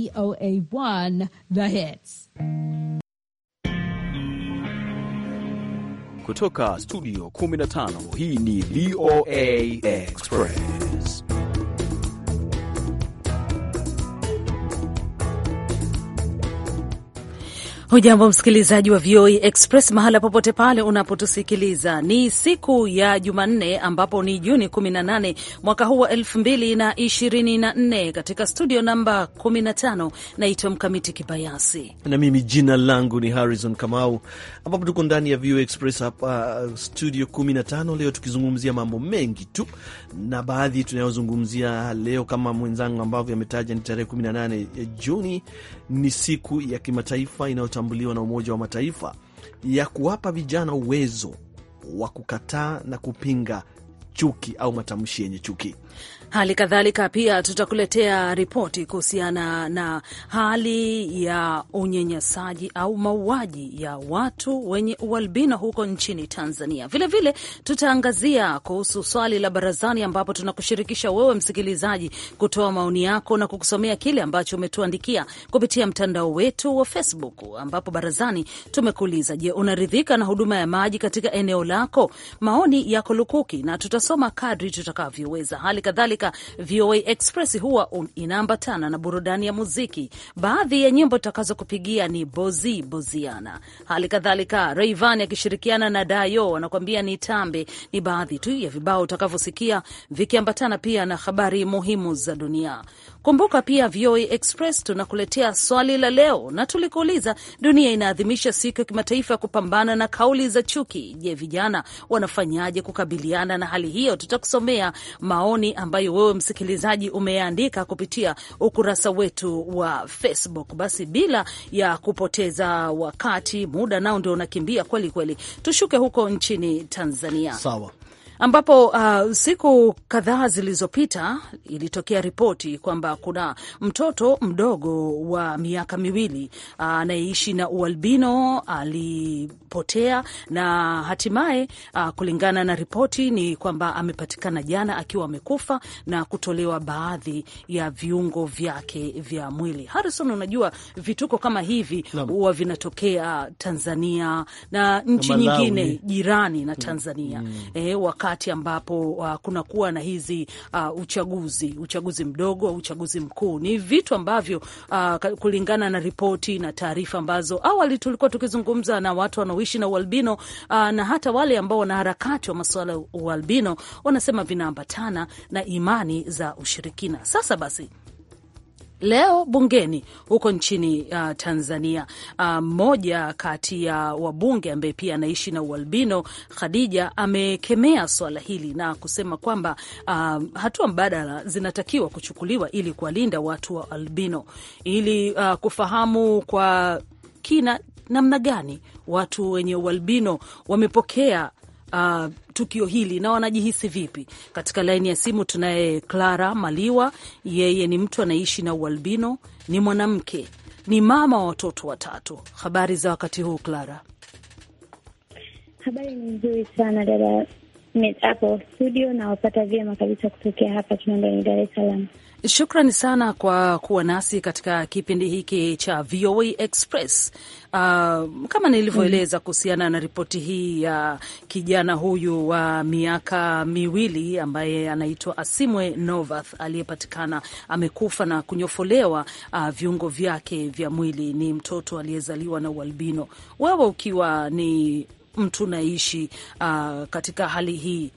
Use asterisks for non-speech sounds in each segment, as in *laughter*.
E O A one The Hits. Kutoka studio 15 hii ni VOA Express. Hujambo msikilizaji wa VOA e Express mahala popote pale unapotusikiliza. Ni siku ya Jumanne ambapo ni Juni 18 mwaka huu wa 2024. Katika studio namba 15 naitwa Mkamiti Kibayasi na mimi jina langu ni Harrison Kamau, ambapo tuko ndani ya VOA e Express hapa uh, studio 15 leo tukizungumzia mambo mengi tu, na baadhi tunayozungumzia leo kama mwenzangu ambavyo ametaja ni tarehe 18 eh, Juni, ni siku ya kimataifa inayotambuliwa na Umoja wa Mataifa ya kuwapa vijana uwezo wa kukataa na kupinga chuki au matamshi yenye chuki. Hali kadhalika pia tutakuletea ripoti kuhusiana na hali ya unyanyasaji au mauaji ya watu wenye ualbino huko nchini Tanzania. Vilevile tutaangazia kuhusu swali la barazani, ambapo tunakushirikisha wewe msikilizaji kutoa maoni yako na kukusomea kile ambacho umetuandikia kupitia mtandao wetu wa Facebook, ambapo barazani tumekuuliza, je, unaridhika na huduma ya maji katika eneo lako? Maoni yako lukuki na tutasoma kadri tutakavyoweza. Hali kadhalika katika VOA Express huwa inaambatana na burudani ya muziki. Baadhi ya nyimbo tutakazokupigia ni Bozi Boziana, hali kadhalika Rayvan akishirikiana na Dayo anakuambia ni tambe. Ni baadhi tu ya vibao utakavyosikia vikiambatana pia na habari muhimu za dunia. Kumbuka pia VOA Express tunakuletea swali la leo, na tulikuuliza, dunia inaadhimisha siku ya kimataifa ya kupambana na kauli za chuki. Je, vijana wanafanyaje kukabiliana na hali hiyo? Tutakusomea maoni ambayo wewe msikilizaji umeandika kupitia ukurasa wetu wa Facebook. Basi bila ya kupoteza wakati, muda nao ndio unakimbia kweli kweli, tushuke huko nchini Tanzania. Sawa ambapo uh, siku kadhaa zilizopita ilitokea ripoti kwamba kuna mtoto mdogo wa miaka miwili uh, anayeishi uh, na ualbino alipotea, na hatimaye uh, kulingana na ripoti ni kwamba amepatikana jana akiwa amekufa na kutolewa baadhi ya viungo vyake vya mwili. Harrison, unajua vituko kama hivi huwa vinatokea Tanzania na nchi nyingine jirani na mm. Tanzania mm. eh, wakati wakati ambapo uh, kunakuwa na hizi uh, uchaguzi uchaguzi mdogo au uchaguzi mkuu. Ni vitu ambavyo uh, kulingana na ripoti na taarifa ambazo awali tulikuwa tukizungumza na watu wanaoishi na ualbino uh, na hata wale ambao wanaharakati wa masuala ya ualbino wanasema vinaambatana na imani za ushirikina. Sasa basi leo bungeni huko nchini uh, Tanzania. Uh, mmoja uh, kati ya uh, wabunge ambaye pia anaishi na ualbino Khadija amekemea swala hili na kusema kwamba uh, hatua mbadala zinatakiwa kuchukuliwa ili kuwalinda watu wa albino ili uh, kufahamu kwa kina namna gani watu wenye ualbino wamepokea uh, tukio hili na wanajihisi vipi. Katika laini ya simu tunaye Clara Maliwa, yeye ni mtu anaishi na ualbino, ni mwanamke, ni mama wa watoto watatu. Habari za wakati huu Clara? Habari ni nzuri sana dada hapo studio, nawapata vyema kabisa kutokea hapa Kinondoni, Dar es Salaam. Shukrani sana kwa kuwa nasi katika kipindi hiki cha VOA Express. Uh, kama nilivyoeleza mm kuhusiana na ripoti hii ya uh, kijana huyu wa uh, miaka miwili ambaye anaitwa Asimwe Novath aliyepatikana amekufa na kunyofolewa uh, viungo vyake vya mwili. Ni mtoto aliyezaliwa na ualbino. Wewe ukiwa ni mtu naishi uh, katika hali hii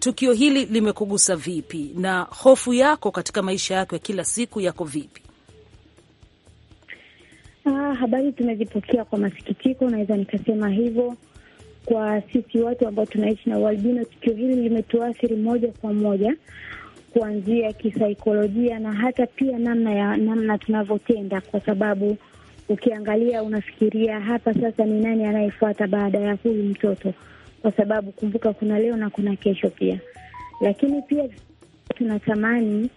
tukio hili limekugusa vipi na hofu yako katika maisha yako ya kila siku yako vipi? Ah, habari tumezipokea kwa masikitiko, naweza nikasema hivyo. Kwa sisi watu ambao tunaishi na ualbino, tukio hili limetuathiri moja kwa moja, kuanzia kisaikolojia na hata pia namna ya namna tunavyotenda, kwa sababu ukiangalia unafikiria hapa sasa, ni nani anayefuata baada ya huyu mtoto kwa sababu kumbuka, kuna leo na kuna kesho pia. Lakini pia tunatamani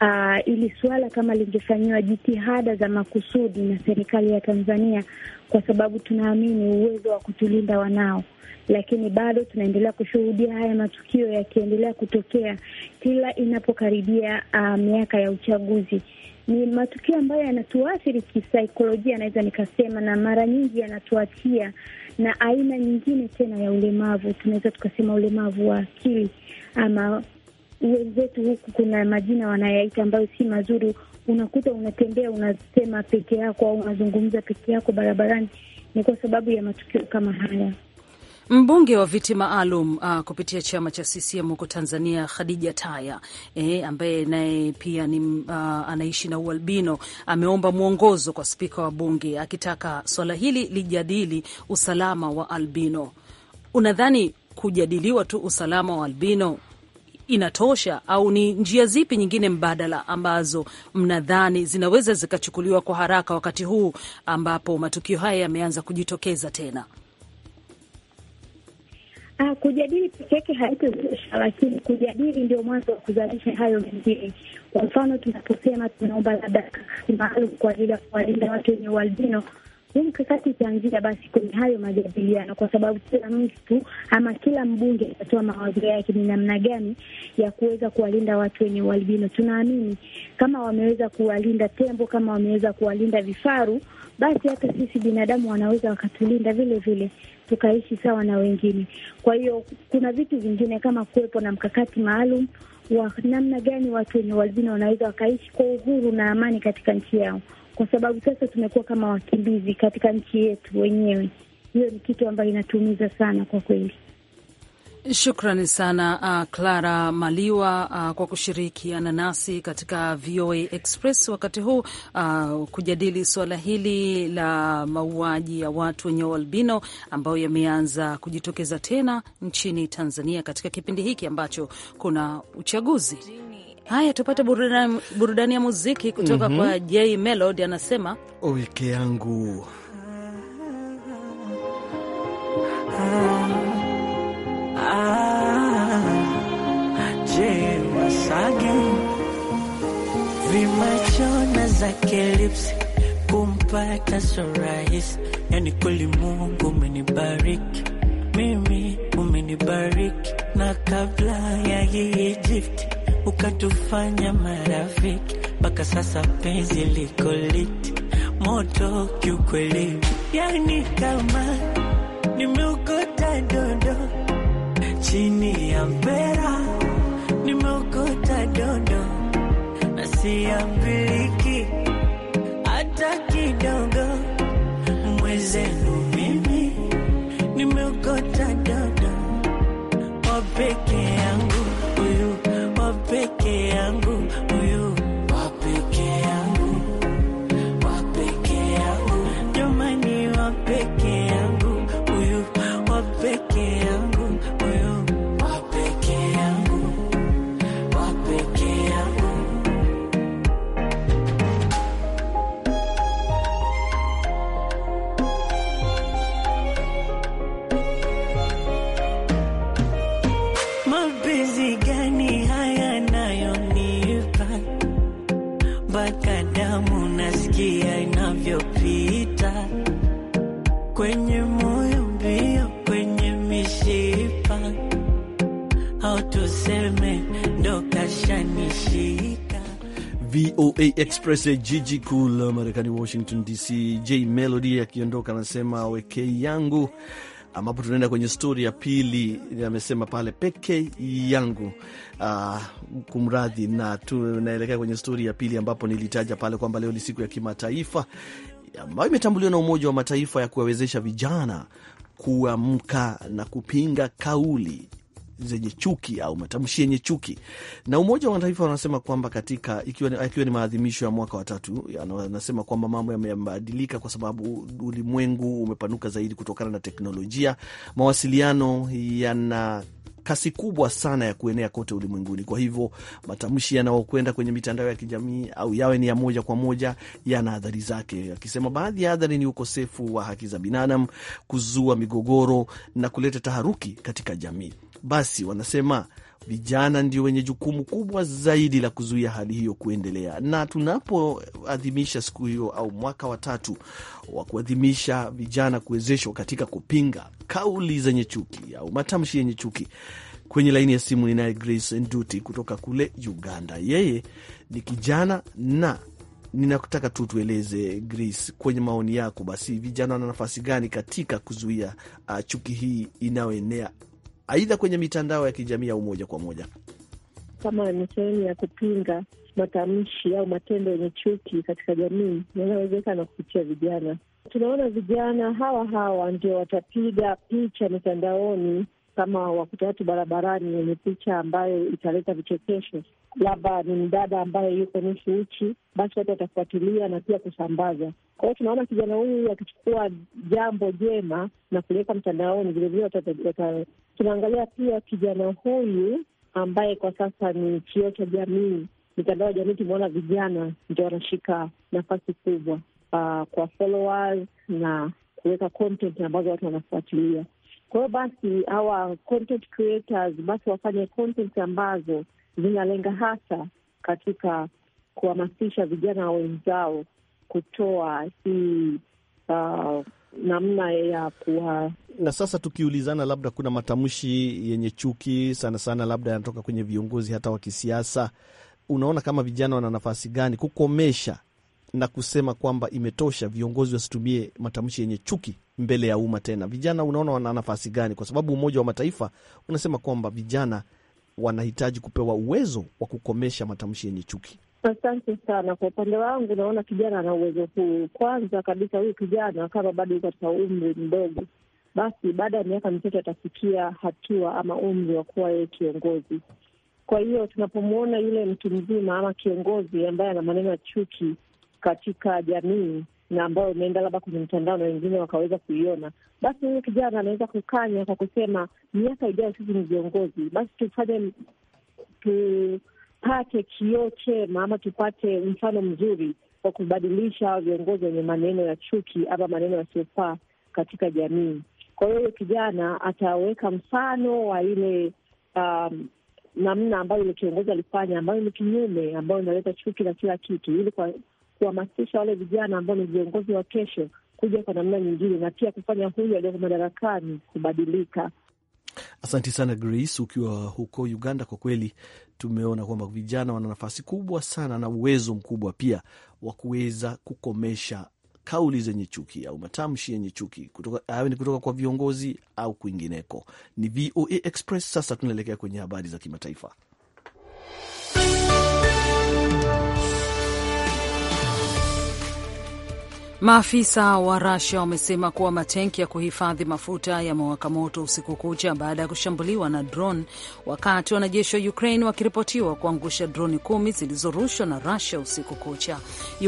uh, ili suala kama lingefanyiwa jitihada za makusudi na serikali ya Tanzania, kwa sababu tunaamini uwezo wa kutulinda wanao lakini bado tunaendelea kushuhudia haya matukio yakiendelea kutokea kila inapokaribia uh, miaka ya uchaguzi ni matukio ambayo yanatuathiri kisaikolojia, naweza nikasema, na mara nyingi yanatuachia na aina nyingine tena ya ulemavu. Tunaweza tukasema ulemavu wa akili ama wenzetu huku kuna majina wanayaita ambayo si mazuri. Unakuta unatembea unasema peke yako au unazungumza peke yako barabarani, ni kwa sababu ya matukio kama haya. Mbunge wa viti maalum uh, kupitia chama cha CCM huko Tanzania, Khadija Taya eh, ambaye naye pia ni uh, anaishi na ualbino, ameomba mwongozo kwa spika wa bunge akitaka swala hili lijadili usalama wa albino. Unadhani kujadiliwa tu usalama wa albino inatosha au ni njia zipi nyingine mbadala ambazo mnadhani zinaweza zikachukuliwa kwa haraka wakati huu ambapo matukio haya yameanza kujitokeza tena? Ah, kujadili peke yake haitozalisha, lakini kujadili ndio mwanzo wa kuzalisha hayo mengine. Kwa mfano, tunaposema tunaomba labda kakati maalum kwa ajili ya kuwalinda watu wenye ualbino, huu mkakati utaanzia basi kwenye hayo majadiliano, kwa sababu kila mtu ama kila mbunge atatoa mawazo yake ni namna gani ya kuweza kuwalinda watu wenye ualbino. Tunaamini kama wameweza kuwalinda tembo, kama wameweza kuwalinda vifaru, basi hata sisi binadamu wanaweza wakatulinda vile vile tukaishi sawa na wengine. Kwa hiyo kuna vitu vingine kama kuwepo na mkakati maalum wa namna gani watu wenye wazina wanaweza wakaishi kwa uhuru na amani katika nchi yao, kwa sababu sasa tumekuwa kama wakimbizi katika nchi yetu wenyewe. Hiyo ni kitu ambayo inatuumiza sana kwa kweli. Shukrani sana uh, Clara Maliwa uh, kwa kushirikiana nasi katika VOA Express wakati huu uh, kujadili suala hili la mauaji ya watu wenye ualbino ambayo yameanza kujitokeza tena nchini Tanzania katika kipindi hiki ambacho kuna uchaguzi. Haya, tupate burudani, burudani ya muziki kutoka mm -hmm. kwa mhm. J Melody anasema wiki yangu ah, ah, ah, Je, Wasage vimachona za kelipsi kumpata so rahisi. Yani kweli Mungu umenibariki mimi, umenibariki na kabla ya hii Egypt ukatufanya marafiki, mpaka sasa penzi liko liti moto kiukweli, yani kama nimeokota dondo chini ya mpera nimeokota dodo nasiambili mpaka damu nasikia inavyopita kwenye moyo mbio, kwenye mishipa au tuseme ndo kashanishika. VOA Express, jiji kuu la Marekani, Washington DC. J Melody akiondoka anasema wekei yangu ambapo tunaenda kwenye stori ya pili. Amesema pale peke yangu, uh, kumradhi, na tunaelekea kwenye stori ya pili ambapo nilitaja pale kwamba leo ni siku ya kimataifa ambayo imetambuliwa na Umoja wa Mataifa ya kuwawezesha vijana kuamka na kupinga kauli zenye chuki au matamshi yenye chuki. Na Umoja wa Mataifa wanasema kwamba katika ikiwa ni, ikiwa ni maadhimisho ya mwaka wa tatu, anasema kwamba mambo yamebadilika kwa sababu ulimwengu umepanuka zaidi kutokana na teknolojia. Mawasiliano yana kasi kubwa sana ya kuenea kote ulimwenguni. Kwa hivyo matamshi yanayokwenda kwenye mitandao ya kijamii au yawe ni ya moja kwa moja, yana adhari zake, akisema baadhi ya adhari ni ukosefu wa haki za binadamu, kuzua migogoro na kuleta taharuki katika jamii basi wanasema vijana ndio wenye jukumu kubwa zaidi la kuzuia hali hiyo kuendelea. Na tunapoadhimisha siku hiyo au mwaka wa tatu wa kuadhimisha vijana kuwezeshwa katika kupinga kauli zenye chuki au matamshi yenye chuki, kwenye laini ya simu ninaye Grace Nduti kutoka kule Uganda. Yeye ni kijana na ninakutaka tu tueleze Grace, kwenye maoni yako, basi vijana wana nafasi gani katika kuzuia uh, chuki hii inayoenea aidha kwenye mitandao ya kijamii au moja kwa moja, kama ni sehemu ya kupinga matamshi au matendo yenye chuki katika jamii yanayowezekana kupitia vijana. Tunaona vijana hawa hawa ndio watapiga picha mitandaoni, kama wakuta watu barabarani wenye picha ambayo italeta vichekesho labda ni mdada ambaye yuko nusu uchi, basi watu watafuatilia na pia kusambaza. Kwa hiyo tunaona kijana huyu akichukua jambo jema na kuliweka mtandaoni, vilevile tunaangalia pia kijana huyu ambaye kwa sasa ni kioo cha jamii, mitandao ya jamii. Tumeona vijana ndio wanashika nafasi kubwa uh, kwa followers na kuweka content ambazo watu wanafuatilia. Kwa hiyo basi hawa content creators basi wafanye content ambazo zinalenga hasa katika kuhamasisha vijana wenzao kutoa hii uh, namna ya kuwa na sasa tukiulizana, labda kuna matamshi yenye chuki sana sana, labda yanatoka kwenye viongozi hata wa kisiasa. Unaona kama vijana wana nafasi gani kukomesha na kusema kwamba imetosha, viongozi wasitumie matamshi yenye chuki mbele ya umma tena? Vijana unaona wana nafasi gani? Kwa sababu Umoja wa Mataifa unasema kwamba vijana wanahitaji kupewa uwezo wa kukomesha matamshi yenye chuki? Asante sana. Kwa upande wangu, naona kijana ana uwezo huu. Kwanza kabisa, huyu kijana kama bado yuko katika umri mdogo, basi baada ya miaka mitatu atafikia hatua ama umri wa kuwa yeye kiongozi. Kwa hiyo tunapomwona yule mtu mzima ama kiongozi ambaye ana maneno ya chuki katika jamii, na ambayo imeenda labda kwenye mtandao na wengine wakaweza kuiona, basi huyu kijana anaweza kukanya kwa kusema, miaka ijayo sisi ni viongozi, basi tufanye tupate kioo chema ama tupate mfano mzuri wa kubadilisha viongozi wenye maneno ya chuki ama maneno yasiyofaa katika jamii. Kwa hiyo huyo kijana ataweka mfano wa ile um, namna ambayo ile kiongozi alifanya ambayo ni kinyume, ambayo inaleta chuki na kila kitu, ili kwa kuhamasisha wale vijana ambao ni viongozi wa kesho kuja kwa namna nyingine, na pia kufanya huyu aliyoko madarakani kubadilika. asanti sana Grace, ukiwa huko Uganda. Kwa kweli tumeona kwamba vijana wana nafasi kubwa sana na uwezo mkubwa pia wa kuweza kukomesha kauli zenye chuki au matamshi yenye chuki kutoka, awe ni kutoka kwa viongozi au kwingineko. Ni VOA Express. Sasa tunaelekea kwenye habari za kimataifa. Maafisa wa rasia wamesema kuwa matenki ya kuhifadhi mafuta yamewaka moto usiku kucha baada ya kushambuliwa na drone, wakati wanajeshi wa Ukraine wakiripotiwa kuangusha droni kumi zilizorushwa na rasia usiku kucha.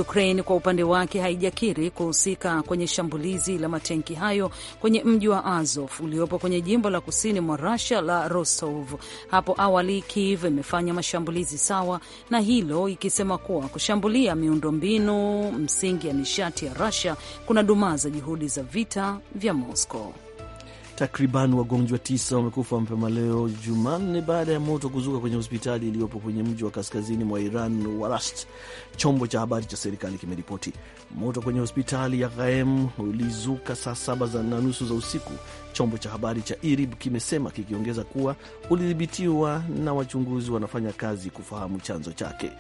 Ukraine kwa upande wake haijakiri kuhusika kwenye shambulizi la matenki hayo kwenye mji wa Azov uliopo kwenye jimbo la kusini mwa rasia la Rostov. Hapo awali Kiev imefanya mashambulizi sawa na hilo, ikisema kuwa kushambulia miundombinu msingi ya nishati ya Russia kuna juhudi za vita vya Moscow. Takriban wagonjwa tisa wamekufa mapema leo Jumanne baada ya moto kuzuka kwenye hospitali iliyopo kwenye mji wa kaskazini mwa Iran wa chombo cha habari cha serikali kimeripoti. Moto kwenye hospitali ya Ghaem ulizuka saa saba na nusu za usiku, chombo cha habari cha IRIB kimesema kikiongeza kuwa ulidhibitiwa na wachunguzi wanafanya kazi kufahamu chanzo chake.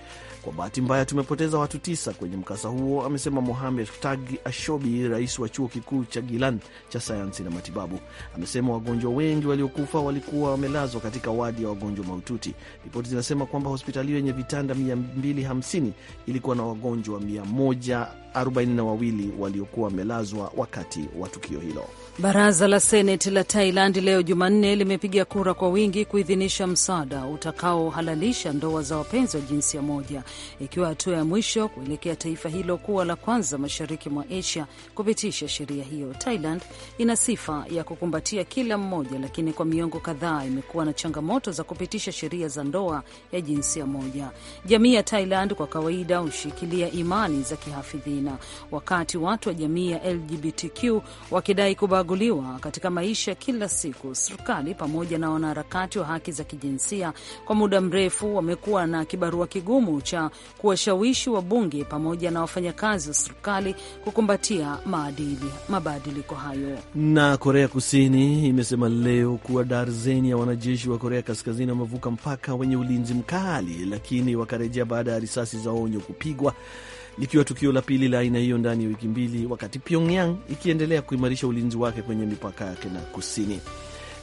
Kwa bahati mbaya tumepoteza watu tisa kwenye mkasa huo, amesema Mohamed Taghi Ashobi, rais wa chuo kikuu cha Gilan cha sayansi na matibabu. Amesema wagonjwa wengi waliokufa walikuwa wamelazwa katika wadi ya wagonjwa mahututi. Ripoti zinasema kwamba hospitali hiyo yenye vitanda 250 ilikuwa na wagonjwa 142 waliokuwa wamelazwa wakati wa tukio hilo. Baraza la Seneti la Thailand leo Jumanne limepiga kura kwa wingi kuidhinisha mswada utakaohalalisha ndoa za wapenzi wa jinsia moja, ikiwa hatua ya mwisho kuelekea taifa hilo kuwa la kwanza mashariki mwa Asia kupitisha sheria hiyo. Thailand ina sifa ya kukumbatia kila mmoja, lakini kwa miongo kadhaa imekuwa na changamoto za kupitisha sheria za ndoa ya jinsia moja. Jamii ya Thailand kwa kawaida hushikilia imani za kihafidhina, wakati watu wa jamii ya LGBTQ wakidai kuba kubaguliwa katika maisha ya kila siku. Serikali pamoja na wanaharakati wa haki za kijinsia kwa muda mrefu wamekuwa na kibarua kigumu cha kuwashawishi wabunge pamoja na wafanyakazi wa serikali kukumbatia maadili mabadiliko hayo. Na Korea Kusini imesema leo kuwa darzeni ya wanajeshi wa Korea Kaskazini wamevuka mpaka wenye ulinzi mkali, lakini wakarejea baada ya risasi za onyo kupigwa likiwa tukio la pili la aina hiyo ndani ya wiki mbili, wakati Pyongyang ikiendelea kuimarisha ulinzi wake kwenye mipaka yake na kusini.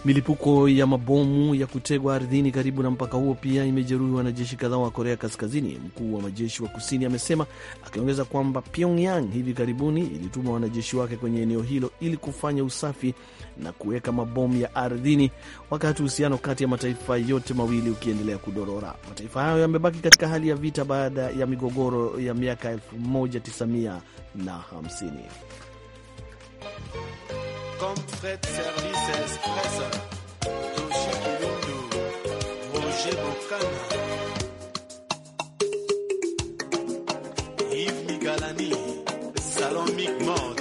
Milipuko ya mabomu ya kutegwa ardhini karibu na mpaka huo pia imejeruhi wanajeshi kadhaa wa Korea Kaskazini, mkuu wa majeshi wa kusini amesema, akiongeza kwamba Pyongyang hivi karibuni ilituma wanajeshi wake kwenye eneo hilo ili kufanya usafi na kuweka mabomu ya ardhini, wakati uhusiano kati ya mataifa yote mawili ukiendelea kudorora. Mataifa hayo yamebaki katika hali ya vita baada ya migogoro ya miaka 1950. comme Fred Service Express, Toshi Kilundo, Roger Bokana, Yves Migalani, Salon Mode.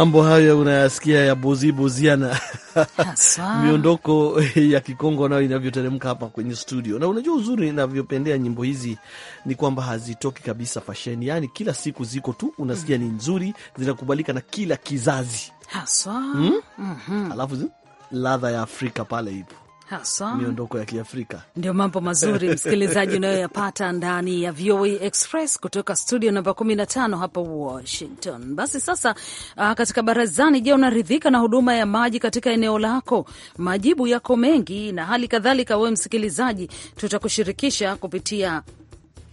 Mambo hayo unayasikia ya bozi *laughs* miondoko ya Kikongo nayo inavyoteremka hapa kwenye studio. Na unajua uzuri inavyopendea nyimbo hizi ni kwamba hazitoki kabisa fasheni, yaani kila siku ziko tu, unasikia mm. ni nzuri, zinakubalika na kila kizazi haswa mm? mm -hmm. Mhm. alafu ladha ya Afrika pale ipo hasa miondoko ya Kiafrika. Ndio mambo mazuri *laughs* msikilizaji unayoyapata ndani ya VOA Express kutoka studio namba 15 hapa Washington. Basi sasa, uh, katika barazani, je, unaridhika na huduma ya maji katika eneo lako? Majibu yako mengi, na hali kadhalika wewe msikilizaji, tutakushirikisha kupitia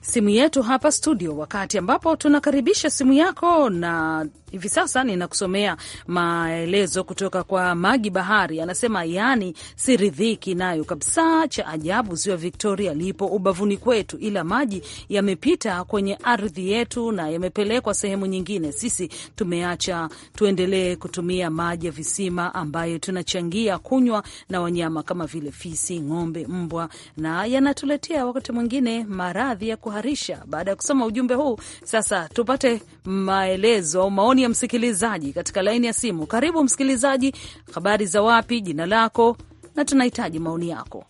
simu yetu hapa studio, wakati ambapo tunakaribisha simu yako na hivi sasa ninakusomea maelezo kutoka kwa Magi Bahari, anasema yani siridhiki nayo kabisa. Cha ajabu ziwa Victoria lipo ubavuni kwetu, ila maji yamepita kwenye ardhi yetu na yamepelekwa sehemu nyingine. Sisi tumeacha tuendelee kutumia maji ya visima ambayo tunachangia kunywa na wanyama kama vile fisi, ng'ombe, mbwa na yanatuletea wakati mwingine maradhi ya kuharisha. Baada ya kusoma ujumbe huu, sasa tupate maelezo maoni maoni ya msikilizaji katika laini ya simu. Karibu msikilizaji, habari za wapi, jina lako na tunahitaji maoni yako.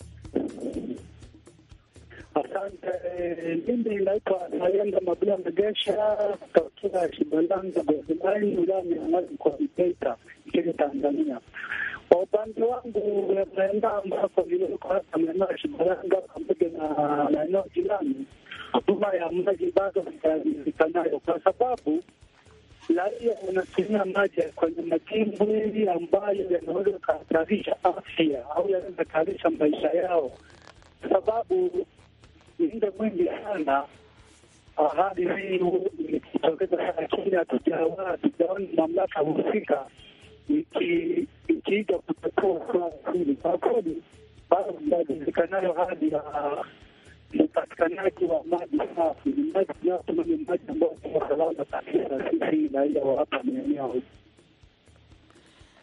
Asante. Eh, mimi naitwa Mabula kutokea Shibalanga Gozimai, nchini Tanzania. Kwa upande wangu ambako hasa maeneo ya Shibalanga pamoja na maeneo jirani, huduma ya maji bado kwa sababu raia wanatumia maji kwenye madimbwi ambayo yanaweza kuhatarisha afya au yanaweza kuhatarisha maisha yao, kwa sababu muda mwingi sana ahadi hii imejitokeza sana, lakini hatujaona mamlaka husika ikiiga kutatua swala hili. Kwa kweli bado haijawezekanayo hadi ya na upatikanaji wa maji safi, ni maji tunayosema ni maji ambayo kuwa salama kabisa na sisi raia wa hapa maeneo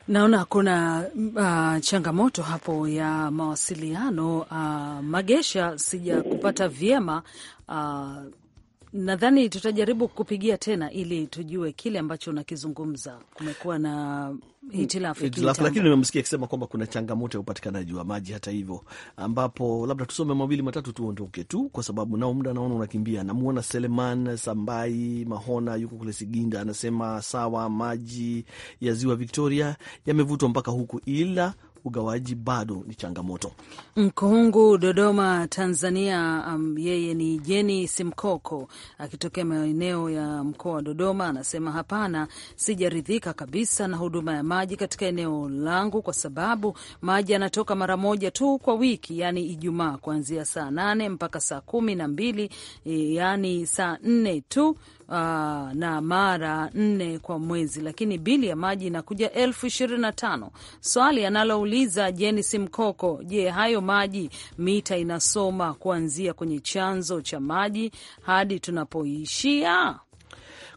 Naona kuna uh, changamoto hapo ya mawasiliano uh, Magesha, sija kupata vyema uh, Nadhani tutajaribu kupigia tena ili tujue kile ambacho unakizungumza. Kumekuwa na hitilafu, lakini nimemsikia akisema kwamba kuna changamoto ya upatikanaji wa maji, hata hivyo, ambapo labda tusome mawili matatu tuondoke tu, kwa sababu nao muda naona unakimbia. Namwona Seleman Sambai Mahona yuko kule Siginda, anasema sawa, maji ya ziwa Victoria yamevutwa mpaka huku, ila ugawaji bado ni changamoto. Mkongu Dodoma, Tanzania. Um, yeye ni Jeni Simkoko akitokea maeneo ya mkoa wa Dodoma, anasema hapana, sijaridhika kabisa na huduma ya maji katika eneo langu kwa sababu maji yanatoka mara moja tu kwa wiki, yani Ijumaa kuanzia saa nane mpaka saa kumi na mbili eh, yani saa nne tu uh, na mara nne kwa mwezi, lakini bili ya maji inakuja elfu ishirini na tano. Swali analouliza Jenis Mkoko, je, hayo maji mita inasoma kuanzia kwenye chanzo cha maji hadi tunapoishia?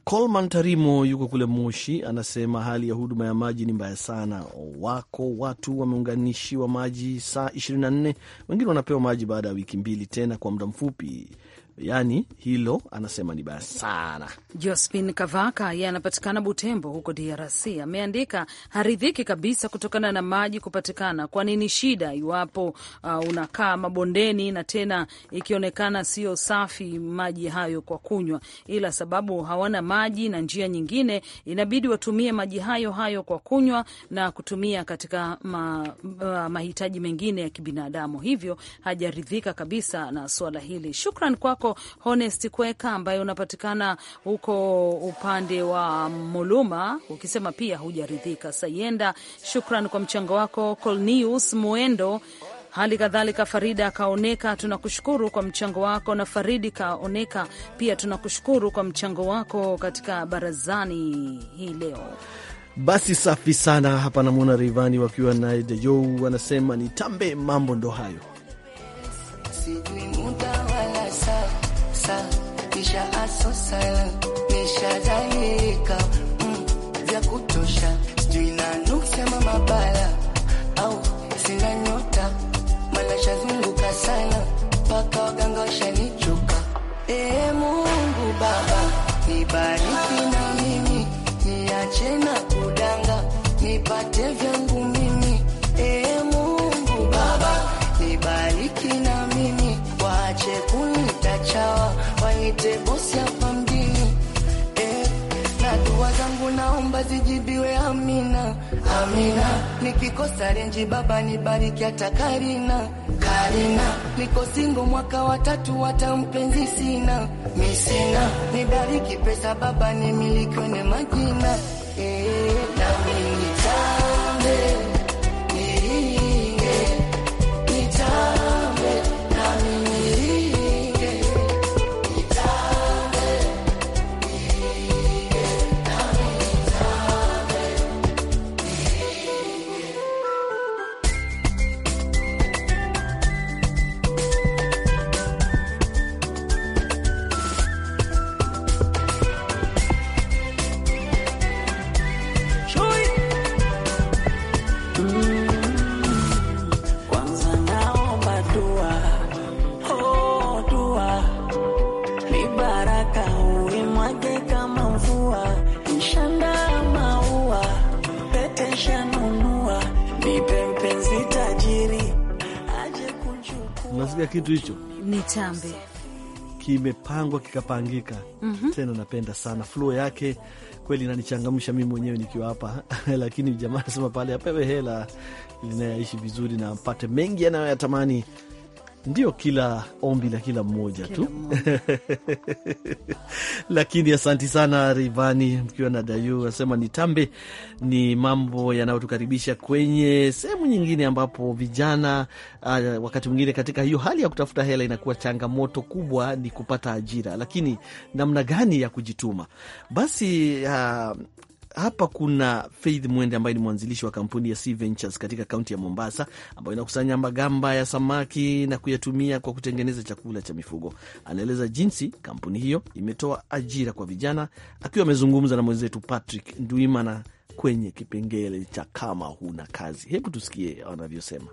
Colman Tarimo yuko kule Moshi, anasema hali ya huduma ya maji ni mbaya sana. Wako watu wameunganishiwa maji saa 24, wengine wanapewa maji baada ya wiki mbili tena kwa muda mfupi yani hilo anasema ni baya sana. Jospin Kavaka ye anapatikana Butembo huko DRC ameandika haridhiki kabisa kutokana na maji kupatikana. Kwa nini shida iwapo uh, unakaa mabondeni na tena ikionekana sio safi maji hayo kwa kunywa, ila sababu hawana maji na njia nyingine, inabidi watumie maji hayo hayo kwa kunywa na kutumia katika ma, ma, uh, mahitaji mengine ya kibinadamu. Hivyo hajaridhika kabisa na suala hili. Shukran kwako kwako Honest Kweka ambaye unapatikana huko upande wa Muluma, ukisema pia hujaridhika. Sayenda, shukran kwa mchango wako. Colnius Muendo hali kadhalika Farida Kaoneka, tunakushukuru kwa mchango wako, na Faridi Kaoneka pia tunakushukuru kwa mchango wako katika barazani hii leo. Basi safi sana. Hapa namwona Rivani wakiwa naye Dejo, anasema ni tambe mambo ndo hayo sasa kisha asosa nishajaika mm, vya kutosha sijui na nuksema mabaya au sina nyota mala shazunguka sana mpaka waganga washanichuka. Ee Mungu Baba nibariki na mimi niache na kudanga nipate vyangu yote bosi hapa mjini eh, na dua zangu naomba zijibiwe amina, amina. Nikikosa renji baba nibariki hata Karina, Karina. Niko singo mwaka watatu hata mpenzi sina, misina. Nibariki pesa baba nimilikiwe ne majina Ukisikia kitu hicho ni tambe, kimepangwa kikapangika. mm -hmm. Tena napenda sana flow yake kweli, nanichangamsha mimi mwenyewe nikiwa hapa *laughs* lakini jamaa anasema pale apewe hela linayaishi vizuri na apate mengi anayoyatamani ndio kila ombi la kila mmoja tu *laughs* lakini asanti sana Rivani mkiwa na Dayu asema ni tambe, ni mambo yanayotukaribisha kwenye sehemu nyingine, ambapo vijana uh, wakati mwingine katika hiyo hali ya kutafuta hela inakuwa changamoto kubwa ni kupata ajira, lakini namna gani ya kujituma basi uh, hapa kuna Faith Mwende ambaye ni mwanzilishi wa kampuni ya Sea Ventures katika kaunti ya Mombasa, ambayo inakusanya magamba ya samaki na kuyatumia kwa kutengeneza chakula cha mifugo. Anaeleza jinsi kampuni hiyo imetoa ajira kwa vijana, akiwa amezungumza na mwenzetu Patrick Nduimana kwenye kipengele cha kama huna kazi. Hebu tusikie wanavyosema.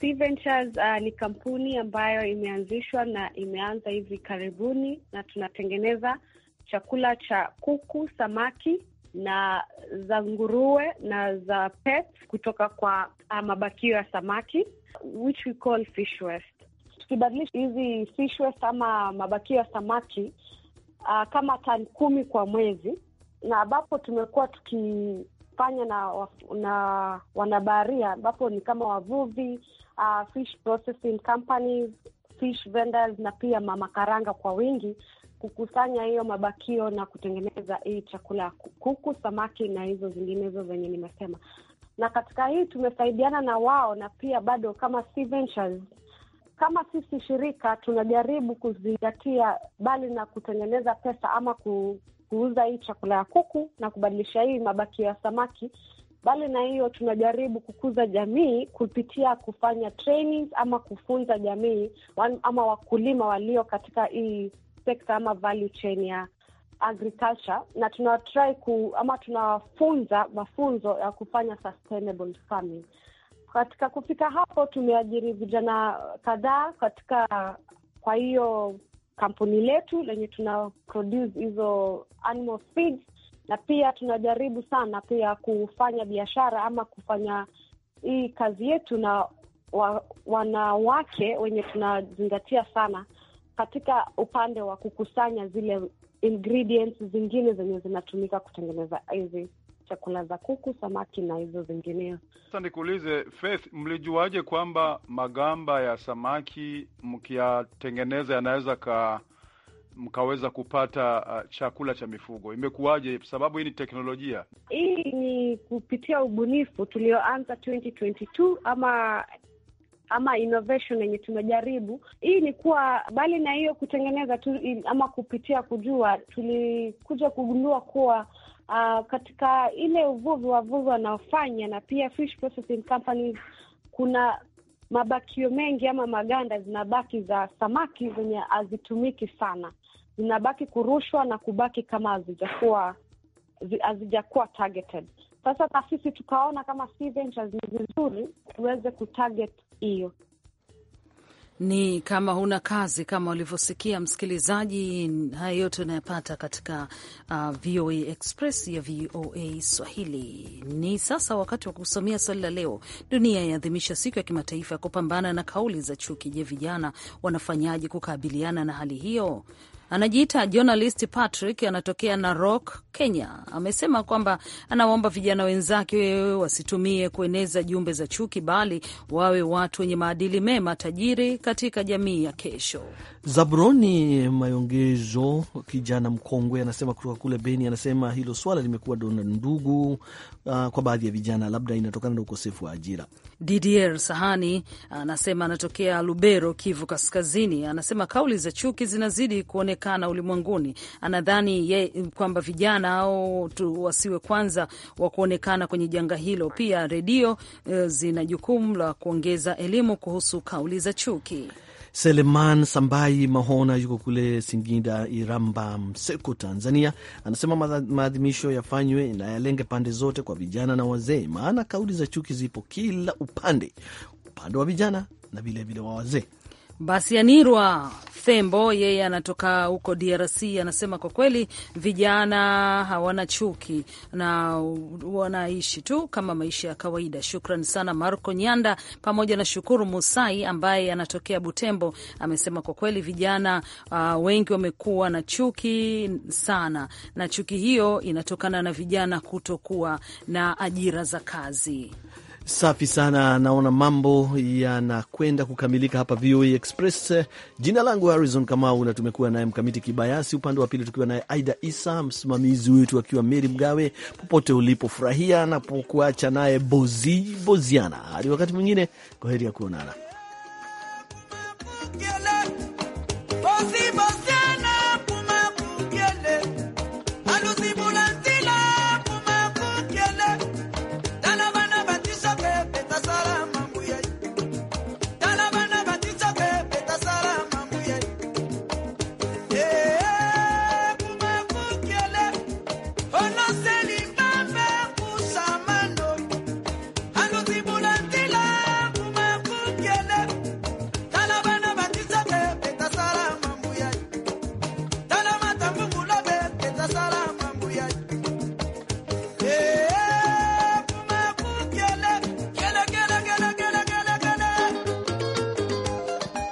Sea Ventures uh, ni kampuni ambayo imeanzishwa na imeanza hivi karibuni, na tunatengeneza chakula cha kuku, samaki na za nguruwe na za PET kutoka kwa ah, mabakio ya samaki which we call fish waste. Tukibadilisha hizi fish waste ama mabakio ya samaki uh, kama tani kumi kwa mwezi, na ambapo tumekuwa tukifanya na, na wanabaharia ambapo ni kama wavuvi uh, fish processing companies, fish vendors na pia mamakaranga kwa wingi kukusanya hiyo mabakio na kutengeneza hii chakula ya kuku, samaki na hizo zinginezo zenye nimesema. Na katika hii tumesaidiana na wao, na pia bado kama Ventures, kama sisi shirika tunajaribu kuzingatia, bali na kutengeneza pesa ama kuuza hii chakula ya kuku na kubadilisha hii mabakio ya samaki bali na hiyo tunajaribu kukuza jamii kupitia kufanya trainings ama kufunza jamii ama wakulima walio katika hii sekta ama value chain ya agriculture na try ku ama tunafunza mafunzo ya kufanya sustainable farming. Katika kufika hapo, tumeajiri vijana kadhaa katika kwa hiyo kampuni letu lenye tuna produce hizo animal feed, na pia tunajaribu sana pia kufanya biashara ama kufanya hii kazi yetu na wa, wanawake wenye tunazingatia sana katika upande wa kukusanya zile ingredients zingine zenye zinatumika kutengeneza hizi chakula za kuku, samaki na hizo zingineo. Sasa nikuulize Faith, mlijuaje kwamba magamba ya samaki mkiyatengeneza yanaweza ka mkaweza kupata uh, chakula cha mifugo imekuwaje? Sababu hii ni teknolojia, hii ni kupitia ubunifu tulioanza 2022 ama ama innovation yenye tumejaribu hii ni kuwa, bali na hiyo kutengeneza tu ama kupitia kujua, tulikuja kugundua kuwa uh, katika ile uvuvi wavuvi wanaofanya na pia fish processing companies kuna mabakio mengi ama maganda zinabaki za samaki zenye hazitumiki sana, zinabaki kurushwa na kubaki kama hazijakuwa hazijakuwa targeted sasa taasisi tukaona kama si ventures ni vizuri tuweze kutarget hiyo ni kama huna kazi, kama ulivyosikia msikilizaji. Haya yote unayapata katika uh, VOA Express ya VOA Swahili. Ni sasa wakati wa kusomea swali la leo. Dunia yaadhimisha siku ya kimataifa ya kupambana na kauli za chuki. Je, vijana wanafanyaje kukabiliana na hali hiyo? anajiita journalist Patrick, anatokea Narok, Kenya, amesema kwamba anawaomba vijana wenzake wasitumie kueneza jumbe za chuki, bali wawe watu wenye maadili mema tajiri katika jamii ya kesho. Zabroni Mayongezo, kijana mkongwe, anasema kutoka kule Beni, anasema hilo swala limekuwa dona ndugu uh, kwa baadhi ya vijana, labda inatokana na ukosefu wa ajira. Didier Sahani anasema anatokea Lubero, Kivu Kaskazini, anasema kauli za chuki zinazidi kuonekana ulimwenguni. Anadhani ye kwamba vijana au wasiwe kwanza wa kuonekana kwenye janga hilo. Pia redio eh, zina jukumu la kuongeza elimu kuhusu kauli za chuki. Seleman Sambai Mahona yuko kule Singida, Iramba, Mseko, Tanzania, anasema maadhimisho yafanywe na yalenge pande zote, kwa vijana na wazee, maana kauli za chuki zipo kila upande, upande wa vijana na vilevile wa wazee basi anirwa Thembo yeye anatoka huko DRC, anasema kwa kweli vijana hawana chuki na wanaishi tu kama maisha ya kawaida. Shukran sana Marco Nyanda pamoja na Shukuru Musai ambaye anatokea Butembo, amesema kwa kweli vijana uh, wengi wamekuwa na chuki sana, na chuki hiyo inatokana na vijana kutokuwa na ajira za kazi. Safi sana, naona mambo yanakwenda kukamilika hapa VOA e Express. Jina langu Harrison Kamau na tumekuwa naye Mkamiti Kibayasi upande wa pili, tukiwa naye Aida Isa msimamizi wetu akiwa Meri Mgawe. Popote ulipofurahia napokuacha naye Bozi Boziana, hadi wakati mwingine, kwa heri ya kuonana.